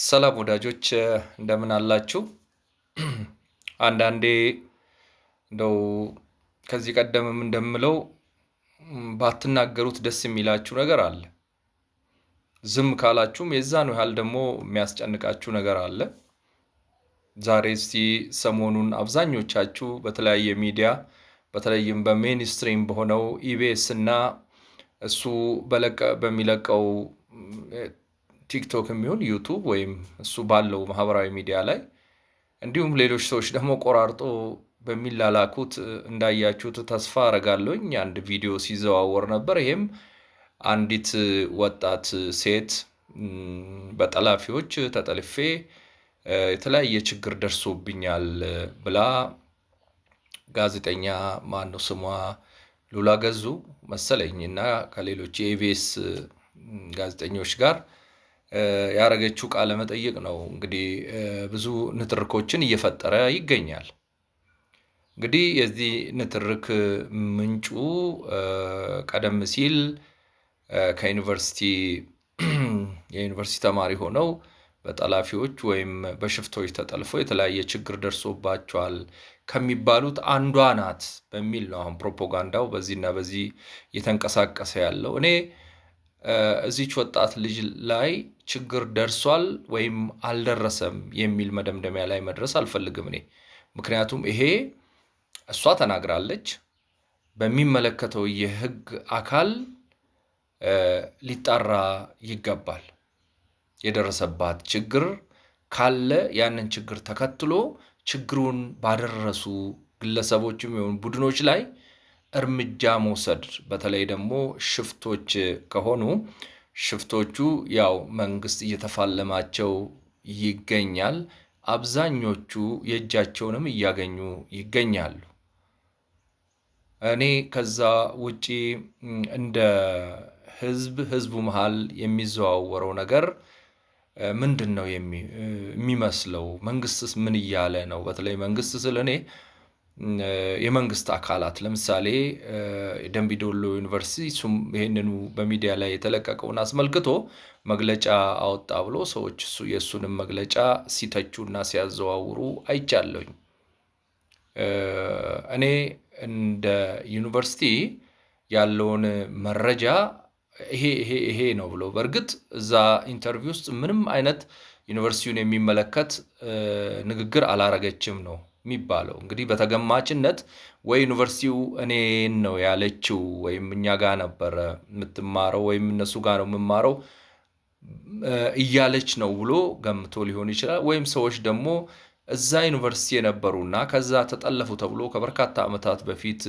ሰላም ወዳጆች እንደምን አላችሁ? አንዳንዴ እንደው ከዚህ ቀደምም እንደምለው ባትናገሩት ደስ የሚላችሁ ነገር አለ። ዝም ካላችሁም ነው ያህል ደግሞ የሚያስጨንቃችሁ ነገር አለ። ዛሬ እስቲ ሰሞኑን አብዛኞቻችሁ በተለያየ ሚዲያ በተለይም በሜንስትሪም በሆነው ኢቢኤስ እና እሱ በሚለቀው ቲክቶክ የሚሆን ዩቱብ ወይም እሱ ባለው ማህበራዊ ሚዲያ ላይ እንዲሁም ሌሎች ሰዎች ደግሞ ቆራርጦ በሚላላኩት እንዳያችሁት ተስፋ አረጋለኝ አንድ ቪዲዮ ሲዘዋወር ነበር። ይህም አንዲት ወጣት ሴት በጠላፊዎች ተጠልፌ የተለያየ ችግር ደርሶብኛል ብላ ጋዜጠኛ ማነው ስሟ ሉላ ገዙ መሰለኝ እና ከሌሎች የኢቢኤስ ጋዜጠኞች ጋር ያደረገችው ቃለ መጠይቅ ነው እንግዲህ ብዙ ንትርኮችን እየፈጠረ ይገኛል። እንግዲህ የዚህ ንትርክ ምንጩ ቀደም ሲል ከዩኒቨርሲቲ የዩኒቨርሲቲ ተማሪ ሆነው በጠላፊዎች ወይም በሽፍቶች ተጠልፎ የተለያየ ችግር ደርሶባቸዋል ከሚባሉት አንዷ ናት በሚል ነው አሁን ፕሮፓጋንዳው በዚህና በዚህ እየተንቀሳቀሰ ያለው እኔ እዚች ወጣት ልጅ ላይ ችግር ደርሷል ወይም አልደረሰም የሚል መደምደሚያ ላይ መድረስ አልፈልግም እኔ። ምክንያቱም ይሄ እሷ ተናግራለች፣ በሚመለከተው የህግ አካል ሊጣራ ይገባል። የደረሰባት ችግር ካለ ያንን ችግር ተከትሎ ችግሩን ባደረሱ ግለሰቦችም ይሁን ቡድኖች ላይ እርምጃ መውሰድ በተለይ ደግሞ ሽፍቶች ከሆኑ ሽፍቶቹ ያው መንግስት እየተፋለማቸው ይገኛል። አብዛኞቹ የእጃቸውንም እያገኙ ይገኛሉ። እኔ ከዛ ውጪ እንደ ህዝብ ህዝቡ መሃል የሚዘዋወረው ነገር ምንድን ነው የሚመስለው? መንግስትስ ምን እያለ ነው? በተለይ መንግስት ስል እኔ የመንግስት አካላት ለምሳሌ ደንቢዶሎ ዩኒቨርሲቲ ይህንኑ በሚዲያ ላይ የተለቀቀውን አስመልክቶ መግለጫ አወጣ ብሎ ሰዎች የእሱንም መግለጫ ሲተቹና ሲያዘዋውሩ አይቻለኝ። እኔ እንደ ዩኒቨርሲቲ ያለውን መረጃ ይሄ ይሄ ይሄ ነው ብሎ በእርግጥ እዛ ኢንተርቪው ውስጥ ምንም አይነት ዩኒቨርሲቲውን የሚመለከት ንግግር አላረገችም ነው የሚባለው። እንግዲህ በተገማችነት ወይ ዩኒቨርሲቲው እኔን ነው ያለችው ወይም እኛ ጋር ነበረ የምትማረው ወይም እነሱ ጋር ነው የምማረው እያለች ነው ብሎ ገምቶ ሊሆን ይችላል። ወይም ሰዎች ደግሞ እዛ ዩኒቨርሲቲ የነበሩና ከዛ ተጠለፉ ተብሎ ከበርካታ ዓመታት በፊት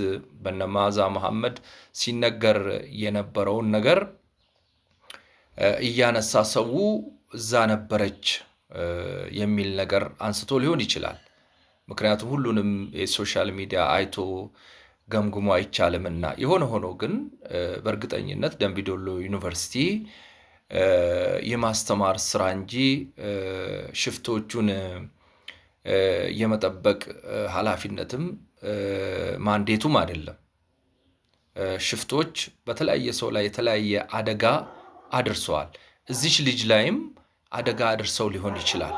በነማዛ መሐመድ ሲነገር የነበረውን ነገር እያነሳ ሰው እዛ ነበረች የሚል ነገር አንስቶ ሊሆን ይችላል። ምክንያቱም ሁሉንም የሶሻል ሚዲያ አይቶ ገምግሞ እና የሆነ ሆኖ ግን በእርግጠኝነት ደምቢዶሎ ዩኒቨርሲቲ የማስተማር ስራ እንጂ ሽፍቶቹን የመጠበቅ ኃላፊነትም ማንዴቱም አይደለም። ሽፍቶች በተለያየ ሰው ላይ የተለያየ አደጋ አድርሰዋል። እዚች ልጅ ላይም አደጋ አድርሰው ሊሆን ይችላል።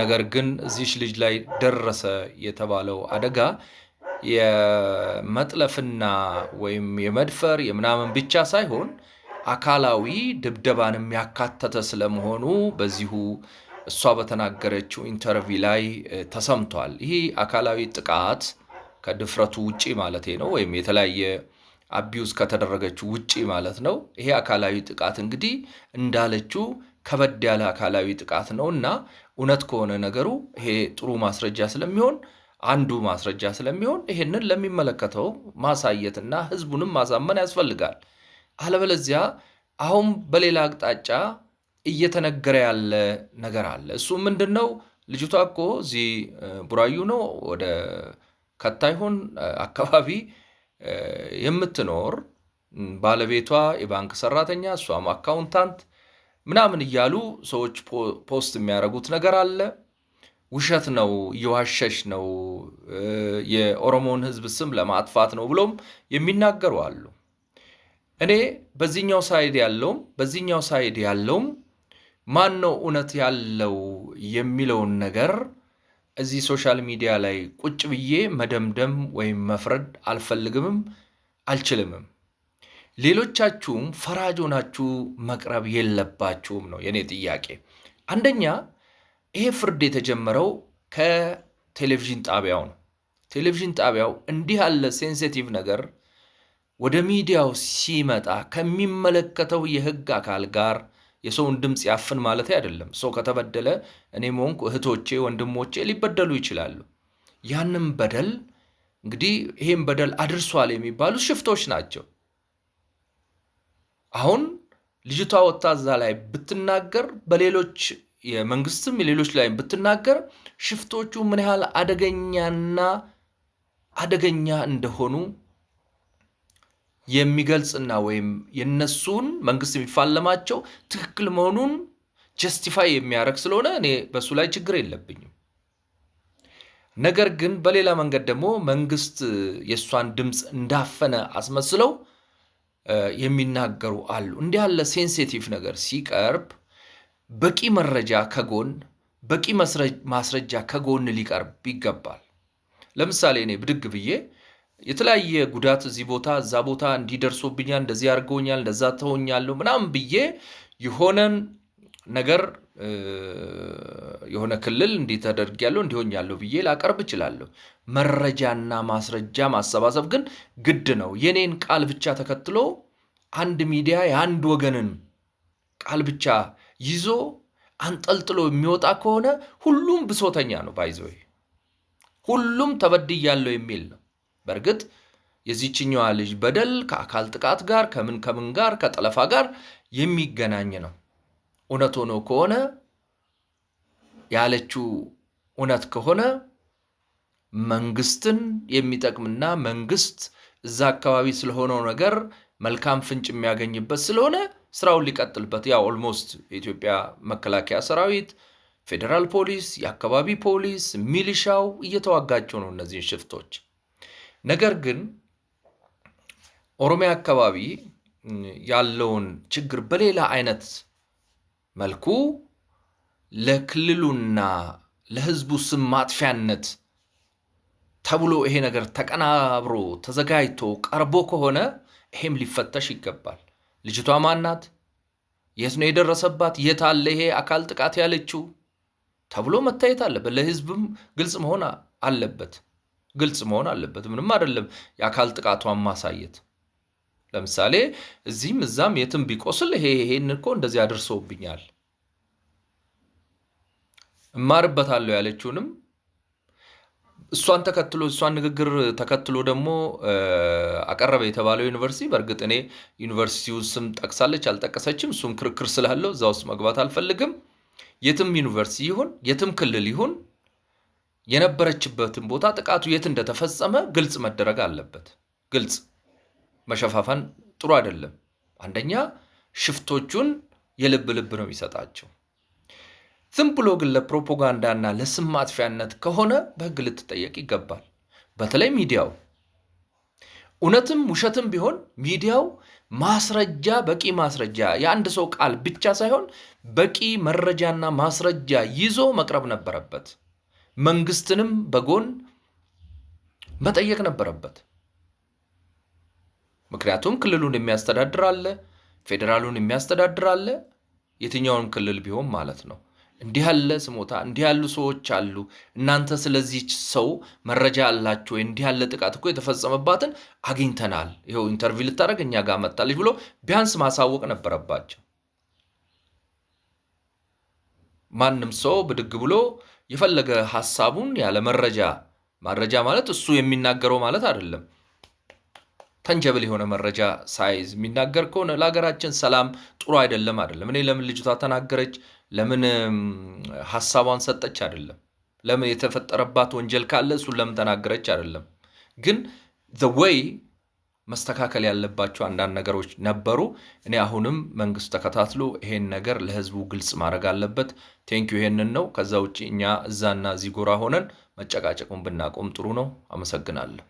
ነገር ግን እዚች ልጅ ላይ ደረሰ የተባለው አደጋ የመጥለፍና ወይም የመድፈር የምናምን ብቻ ሳይሆን አካላዊ ድብደባንም ያካተተ ስለመሆኑ በዚሁ እሷ በተናገረችው ኢንተርቪ ላይ ተሰምቷል። ይህ አካላዊ ጥቃት ከድፍረቱ ውጪ ማለት ነው፣ ወይም የተለያየ አቢውዝ ከተደረገችው ውጪ ማለት ነው። ይሄ አካላዊ ጥቃት እንግዲህ እንዳለችው ከበድ ያለ አካላዊ ጥቃት ነው እና እውነት ከሆነ ነገሩ ይሄ ጥሩ ማስረጃ ስለሚሆን አንዱ ማስረጃ ስለሚሆን ይሄንን ለሚመለከተው ማሳየትና ህዝቡንም ማሳመን ያስፈልጋል። አለበለዚያ አሁን በሌላ አቅጣጫ እየተነገረ ያለ ነገር አለ። እሱ ምንድን ነው? ልጅቷ እኮ እዚህ ቡራዩ ነው ወደ ከታይሆን አካባቢ የምትኖር ባለቤቷ የባንክ ሰራተኛ፣ እሷም አካውንታንት ምናምን እያሉ ሰዎች ፖስት የሚያደርጉት ነገር አለ። ውሸት ነው፣ እየዋሸሽ ነው፣ የኦሮሞን ህዝብ ስም ለማጥፋት ነው ብሎም የሚናገሩ አሉ። እኔ በዚህኛው ሳይድ ያለውም በዚህኛው ሳይድ ያለውም ማን ነው እውነት ያለው የሚለውን ነገር እዚህ ሶሻል ሚዲያ ላይ ቁጭ ብዬ መደምደም ወይም መፍረድ አልፈልግምም፣ አልችልምም። ሌሎቻችሁም ፈራጅ ሆናችሁ መቅረብ የለባችሁም ነው የእኔ ጥያቄ። አንደኛ ይሄ ፍርድ የተጀመረው ከቴሌቪዥን ጣቢያው ነው። ቴሌቪዥን ጣቢያው እንዲህ ያለ ሴንሲቲቭ ነገር ወደ ሚዲያው ሲመጣ ከሚመለከተው የህግ አካል ጋር የሰውን ድምፅ ያፍን ማለት አይደለም። ሰው ከተበደለ እኔ ሆንኩ እህቶቼ፣ ወንድሞቼ ሊበደሉ ይችላሉ። ያንም በደል እንግዲህ ይህም በደል አድርሷል የሚባሉ ሽፍቶች ናቸው። አሁን ልጅቷ ወጥታ እዛ ላይ ብትናገር በሌሎች የመንግስትም የሌሎች ላይ ብትናገር ሽፍቶቹ ምን ያህል አደገኛና አደገኛ እንደሆኑ የሚገልጽና ወይም የነሱን መንግስት የሚፋለማቸው ትክክል መሆኑን ጀስቲፋይ የሚያደርግ ስለሆነ እኔ በእሱ ላይ ችግር የለብኝም። ነገር ግን በሌላ መንገድ ደግሞ መንግስት የእሷን ድምፅ እንዳፈነ አስመስለው የሚናገሩ አሉ። እንዲህ ያለ ሴንሲቲቭ ነገር ሲቀርብ በቂ መረጃ ከጎን በቂ ማስረጃ ከጎን ሊቀርብ ይገባል። ለምሳሌ እኔ ብድግ ብዬ የተለያየ ጉዳት እዚህ ቦታ እዛ ቦታ እንዲደርሶብኛል፣ እንደዚህ አድርገውኛል፣ እንደዛ ተሆኛለሁ ምናምን ብዬ የሆነን ነገር የሆነ ክልል እንዲህ ተደርጊያለሁ ያለው ብዬ ላቀርብ እችላለሁ። መረጃና ማስረጃ ማሰባሰብ ግን ግድ ነው። የኔን ቃል ብቻ ተከትሎ አንድ ሚዲያ የአንድ ወገንን ቃል ብቻ ይዞ አንጠልጥሎ የሚወጣ ከሆነ ሁሉም ብሶተኛ ነው። ባይዘይ ሁሉም ተበድያለሁ የሚል ነው። በእርግጥ የዚችኛዋ ልጅ በደል ከአካል ጥቃት ጋር ከምን ከምን ጋር ከጠለፋ ጋር የሚገናኝ ነው። እውነት ሆኖ ከሆነ ያለችው እውነት ከሆነ መንግስትን የሚጠቅምና መንግስት እዛ አካባቢ ስለሆነው ነገር መልካም ፍንጭ የሚያገኝበት ስለሆነ ስራውን ሊቀጥልበት ያው ኦልሞስት የኢትዮጵያ መከላከያ ሰራዊት፣ ፌዴራል ፖሊስ፣ የአካባቢ ፖሊስ፣ ሚሊሻው እየተዋጋቸው ነው እነዚህን ሽፍቶች። ነገር ግን ኦሮሚያ አካባቢ ያለውን ችግር በሌላ አይነት መልኩ ለክልሉና ለህዝቡ ስም ማጥፊያነት ተብሎ ይሄ ነገር ተቀናብሮ ተዘጋጅቶ ቀርቦ ከሆነ ይሄም ሊፈተሽ ይገባል። ልጅቷ ማናት? የት ነው የደረሰባት? የት አለ ይሄ አካል ጥቃት ያለችው ተብሎ መታየት አለበት። ለህዝብም ግልጽ መሆን አለበት። ግልጽ መሆን አለበት። ምንም አይደለም የአካል ጥቃቷን ማሳየት ለምሳሌ እዚህም እዛም የትም ቢቆስል ይሄ ይሄን እኮ እንደዚህ አድርሶብኛል እማርበታለሁ ያለችውንም እሷን ተከትሎ እሷን ንግግር ተከትሎ ደግሞ አቀረበ የተባለው ዩኒቨርሲቲ በእርግጥ እኔ ዩኒቨርሲቲው ስም ጠቅሳለች አልጠቀሰችም፣ እሱም ክርክር ስላለው እዛ ውስጥ መግባት አልፈልግም። የትም ዩኒቨርሲቲ ይሁን የትም ክልል ይሁን የነበረችበትን ቦታ ጥቃቱ የት እንደተፈጸመ ግልጽ መደረግ አለበት። ግልጽ መሸፋፈን ጥሩ አይደለም። አንደኛ ሽፍቶቹን የልብ ልብ ነው የሚሰጣቸው። ዝም ብሎ ግን ለፕሮፓጋንዳና ለስም ማጥፊያነት ከሆነ በህግ ልትጠየቅ ይገባል። በተለይ ሚዲያው እውነትም ውሸትም ቢሆን ሚዲያው ማስረጃ በቂ ማስረጃ የአንድ ሰው ቃል ብቻ ሳይሆን በቂ መረጃና ማስረጃ ይዞ መቅረብ ነበረበት። መንግስትንም በጎን መጠየቅ ነበረበት። ምክንያቱም ክልሉን የሚያስተዳድር አለ፣ ፌዴራሉን የሚያስተዳድር አለ፣ የትኛውንም ክልል ቢሆን ማለት ነው። እንዲህ ያለ ስሞታ፣ እንዲህ ያሉ ሰዎች አሉ፣ እናንተ ስለዚህ ሰው መረጃ አላችሁ ወይ? እንዲህ ያለ ጥቃት እኮ የተፈጸመባትን አግኝተናል፣ ይኸው ኢንተርቪው ልታደርግ እኛ ጋር መጣለች ብሎ ቢያንስ ማሳወቅ ነበረባቸው። ማንም ሰው ብድግ ብሎ የፈለገ ሀሳቡን ያለ መረጃ መረጃ ማለት እሱ የሚናገረው ማለት አይደለም። ተንጀብል የሆነ መረጃ ሳይዝ የሚናገር ከሆነ ለሀገራችን ሰላም ጥሩ አይደለም አይደለም። እኔ ለምን ልጅቷ ተናገረች ለምን ሀሳቧን ሰጠች አይደለም። ለምን የተፈጠረባት ወንጀል ካለ እሱን ለምን ተናገረች አይደለም። ግን ዘ ወይ መስተካከል ያለባቸው አንዳንድ ነገሮች ነበሩ። እኔ አሁንም መንግስት ተከታትሎ ይሄን ነገር ለህዝቡ ግልጽ ማድረግ አለበት። ቴንኪዩ ይሄንን ነው። ከዛ ውጭ እኛ እዛና እዚህ ጎራ ሆነን መጨቃጨቁን ብናቆም ጥሩ ነው። አመሰግናለሁ።